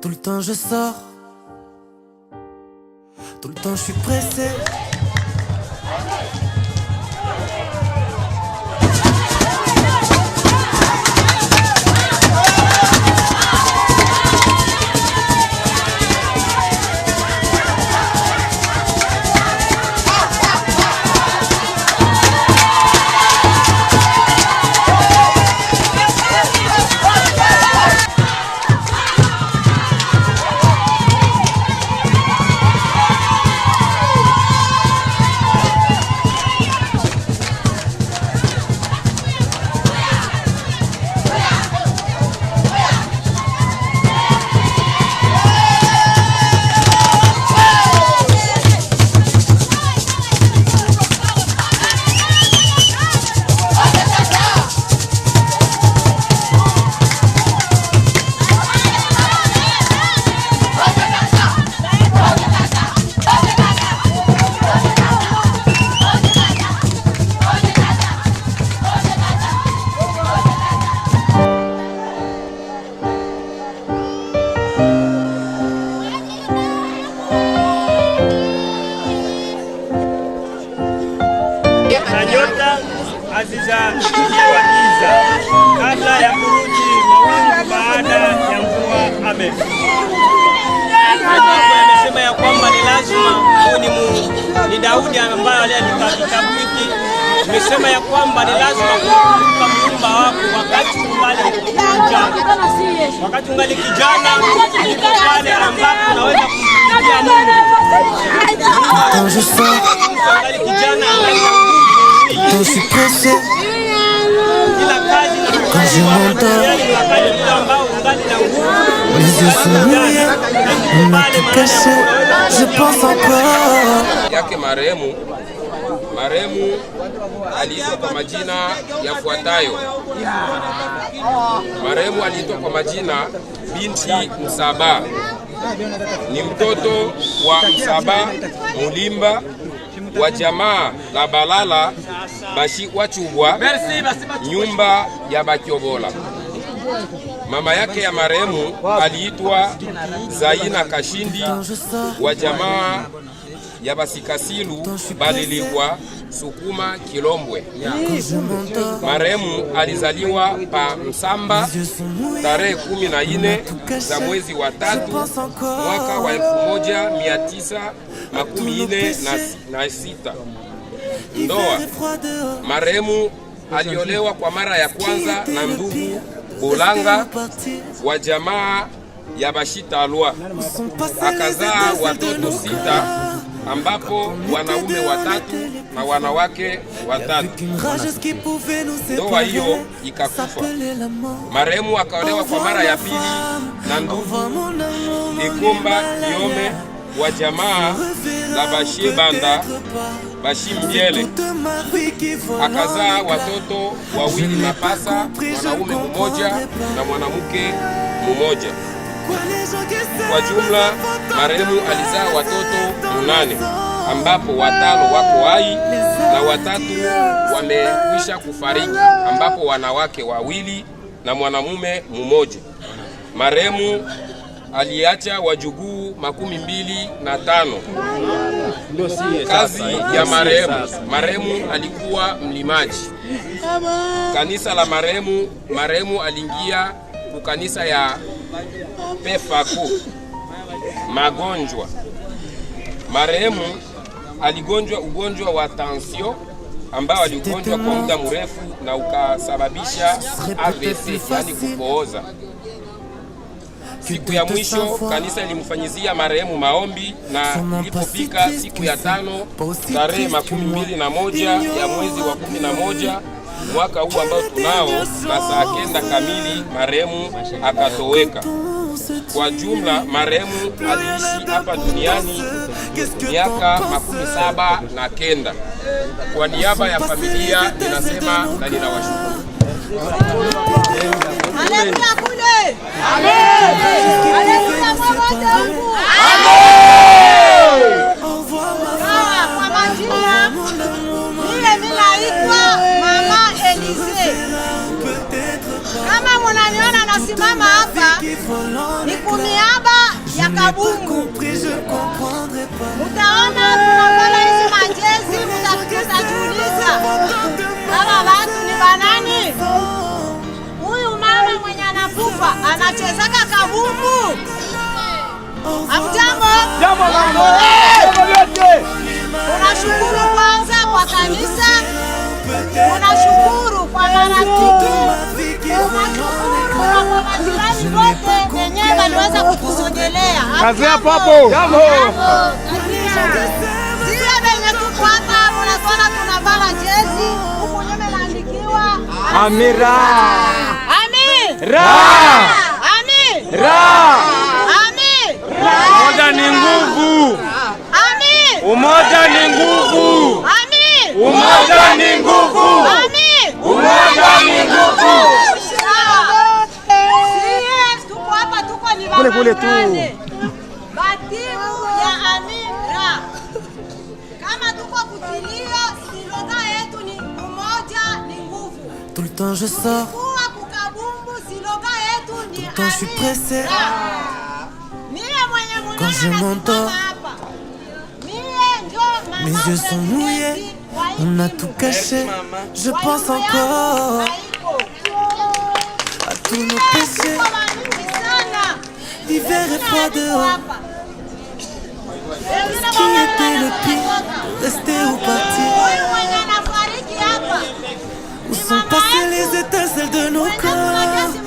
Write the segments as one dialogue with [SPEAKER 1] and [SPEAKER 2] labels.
[SPEAKER 1] Tout le temps je sors, tout le temps je suis pressé.
[SPEAKER 2] nyota hazijaiwa giza kabla ya kurudi mawingu baada ya mvua. Amen. Amesema ya kwamba ni lazima huyu ni Mungu, ni Daudi ambaye aliandika kitabu hiki. Amesema ya kwamba ni lazima kumkumbuka muumba wako wakati ungali kijana, wakati ungali kijana, ndipo pale ambapo unaweza kumtumikia
[SPEAKER 1] Mungu les yeux je pense encore
[SPEAKER 2] yake marehemu marehemu aliitwa kwa majina yafuatayo. Marehemu aliitwa kwa majina binti Msaba, ni mtoto wa Msaba Mulimba wa jamaa la Balala Bashi wachubwa nyumba ya Bakyobola. Mama yake ya marehemu aliitwa Zaina Kashindi wa jamaa ya Basikasilu Baliligwa Sukuma Kilombwe. Marehemu alizaliwa pa Msamba tarehe 14 za mwezi wa tatu mwaka wa 1946 ndoa. Marehemu aliolewa kwa mara ya kwanza na ndugu Bolanga wa jamaa ya Bashitalwa, akazaa watoto sita ambapo wanaume watatu na wanawake watatu. Ndoa hiyo ikakufa. Marehemu akaolewa kwa mara ya pili na ndugu Ikumba Yome wa jamaa la Banda Bashim Biele akazaa watoto wawili Mapasa, mwanaume mmoja na mwanamke mmoja. Kwa jumla marehemu alizaa watoto munane ambapo watano wako hai na watatu wamekwisha kufariki, ambapo wanawake wawili na mwanamume mmoja. Marehemu aliacha wajukuu makumi mbili na tano kazi ya marehemu. Marehemu alikuwa mlimaji kanisa la marehemu. Marehemu aliingia kukanisa ya Pefaku. Magonjwa, marehemu aligonjwa ugonjwa wa tansio ambao aligonjwa kwa muda mrefu na ukasababisha AVC, yani kupooza. Siku ya mwisho kanisa ilimfanyizia marehemu maombi na ilipofika siku ya tano tarehe makumi mbili na moja ya mwezi wa kumi na moja mwaka huu ambao tunao, na saa kenda kamili marehemu akatoweka. Kwa jumla marehemu aliishi hapa duniani miaka makumi saba na kenda. Kwa niaba ya familia ninasema na ninawashukuru.
[SPEAKER 3] Kwa majina mile Mama Elize. Kama nasimama hapa ya Kabungu. Vuvu. Hamjambo?
[SPEAKER 4] Jambo mama.
[SPEAKER 3] Tunashukuru kwanza kwa kanisa. Tunashukuru kwa marafiki. Tunashukuru kwa majirani wote wenyewe waliweza kutusogelea.
[SPEAKER 4] Kazi hapo hapo. Jambo.
[SPEAKER 3] Sio venye tuko hapa mnaona tunavaa jezi huku nyuma laandikiwa
[SPEAKER 4] Amira. Amira. Raha. Umoja ni nguvu. Umoja ni nguvu. Umoja ni nguvu. Umoja ni nguvu. Kule kule tu.
[SPEAKER 3] Batimu ya Amira. Kama tuko kutilia, slogan yetu ni umoja ni nguvu.
[SPEAKER 1] Tout le temps je sors. Quand je suis pressé, quand je m'endors, mes yeux sont mouillés, on a tout caché. Je pense encore à tous nos péchés. L'hiver est froid dehors. Ce qui était le pire, rester ou partir. Où sont passées les étincelles de nos corps?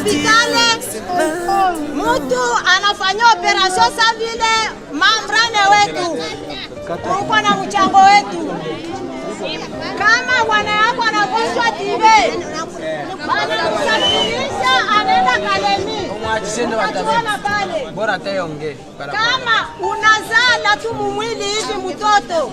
[SPEAKER 3] hospitali mutu anafanya operasio sa vile mambrane wetu uko na mchango wetu. Kama bwana yako anagonjwa tibe, banamsafirisha anaenda Kalemi
[SPEAKER 2] pale.
[SPEAKER 3] Kama unazala tu mumwili hivi mtoto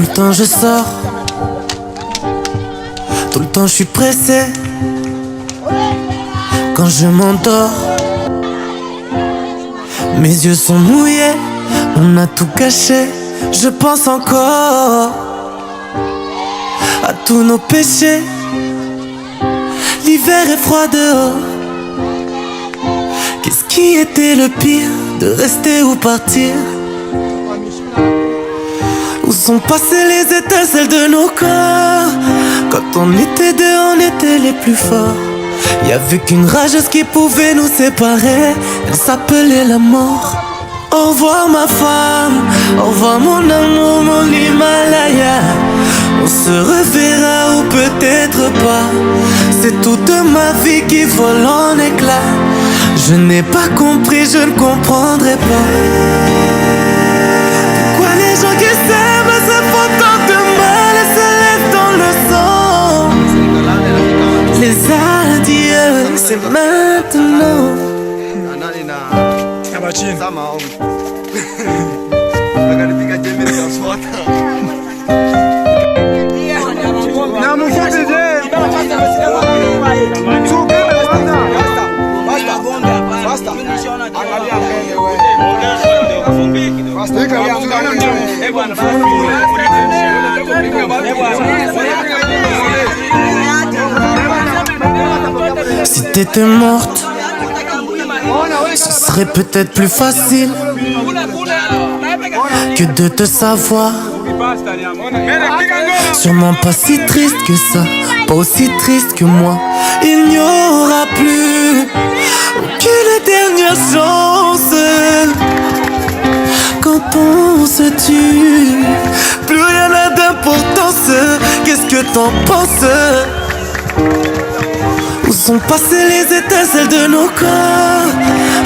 [SPEAKER 1] Tout le temps je sors. Tout le temps je suis pressé. Quand je m'endors, mes yeux sont mouillés. On a tout caché. Je pense encore à tous nos péchés. L'hiver est froid dehors. Qu'est-ce qui était le pire de rester ou partir? Où sont passées les étincelles de nos corps Quand on était deux, on était les plus forts Y'avait qu'une rageuse qui pouvait nous séparer Elle s'appelait la mort Au revoir ma femme, au revoir mon amour, mon Himalaya On se reverra ou peut-être pas C'est toute ma vie qui vole en éclats Je n'ai pas compris, je ne comprendrai pas les adieux, c'est maintenant.
[SPEAKER 2] a mbele
[SPEAKER 4] Basta.
[SPEAKER 1] Basta. Basta. t'étais morte, ce serait peut-être plus facile que de te savoir. Sûrement pas si triste que ça, pas aussi triste que moi. Il n'y aura plus Aucune dernière chance. Quand on se tue, plus rien n'a d'importance. Qu'est-ce que t'en penses? Où sont passés les étincelles de nos corps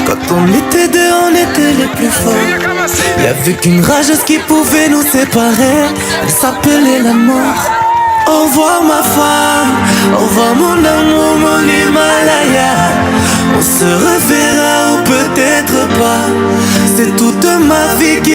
[SPEAKER 1] Quand on était deux, on était les plus forts Y'avait qu'une rageuse qui pouvait nous séparer Elle s'appelait la mort Au revoir ma femme, au revoir mon amour, mon Himalaya On se reverra ou peut-être pas C'est toute ma vie qui